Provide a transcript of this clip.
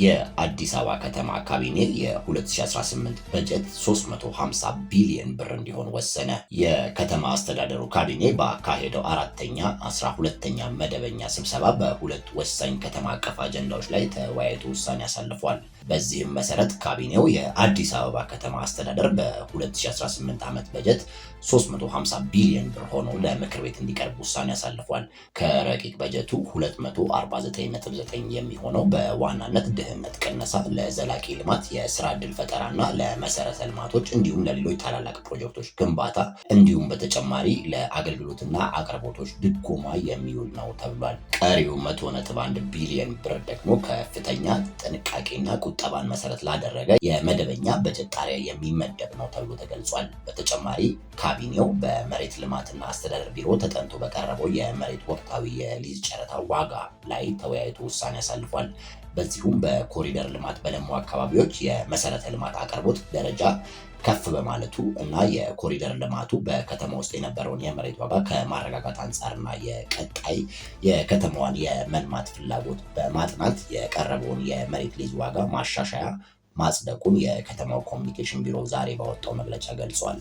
የአዲስ አበባ ከተማ ካቢኔ የ2018 በጀት 350 ቢሊዮን ብር እንዲሆን ወሰነ። የከተማ አስተዳደሩ ካቢኔ ባካሄደው አራተኛ 12ተኛ መደበኛ ስብሰባ በሁለት ወሳኝ ከተማ አቀፍ አጀንዳዎች ላይ ተወያይቶ ውሳኔ አሳልፏል። በዚህም መሰረት ካቢኔው የአዲስ አበባ ከተማ አስተዳደር በ2018 ዓመት በጀት 350 ቢሊዮን ብር ሆኖ ለምክር ቤት እንዲቀርብ ውሳኔ አሳልፏል። ከረቂቅ በጀቱ 249.9 የሚሆነው በዋናነት ድህነት ቅነሳ፣ ለዘላቂ ልማት፣ የስራ ፈጠራ ፈጠራና ለመሰረተ ልማቶች እንዲሁም ለሌሎች ታላላቅ ፕሮጀክቶች ግንባታ እንዲሁም በተጨማሪ ለአገልግሎትና አቅርቦቶች ድጎማ የሚውል ነው ተብሏል። ቀሪው መቶ ነጥብ አንድ ቢሊዮን ብር ደግሞ ከፍተኛ ጥንቃቄና ቁጠባን መሰረት ላደረገ የመደበኛ በጀት ጣሪያ የሚመደብ ነው ተብሎ ተገልጿል። በተጨማሪ ካቢኔው በመሬት ልማትና አስተዳደር ቢሮ ተጠንቶ በቀረበው የመሬት ወቅታዊ የሊዝ ጨረታ ዋጋ ላይ ተወያይቶ ውሳኔ አሳልፏል። በዚሁም በኮሪደር ልማት በለሙ አካባቢዎች የመሰረተ ልማት አቅርቦት ደረጃ ከፍ በማለቱ እና የኮሪደር ልማቱ በከተማ ውስጥ የነበረውን የመሬት ዋጋ ከማረጋጋት አንጻርና የቀጣይ የከተማዋን የመልማት ፍላጎት በማጥናት የቀረበውን የመሬት ሊዝ ዋጋ ማሻሻያ ማጽደቁን የከተማው ኮሚኒኬሽን ቢሮ ዛሬ ባወጣው መግለጫ ገልጿል።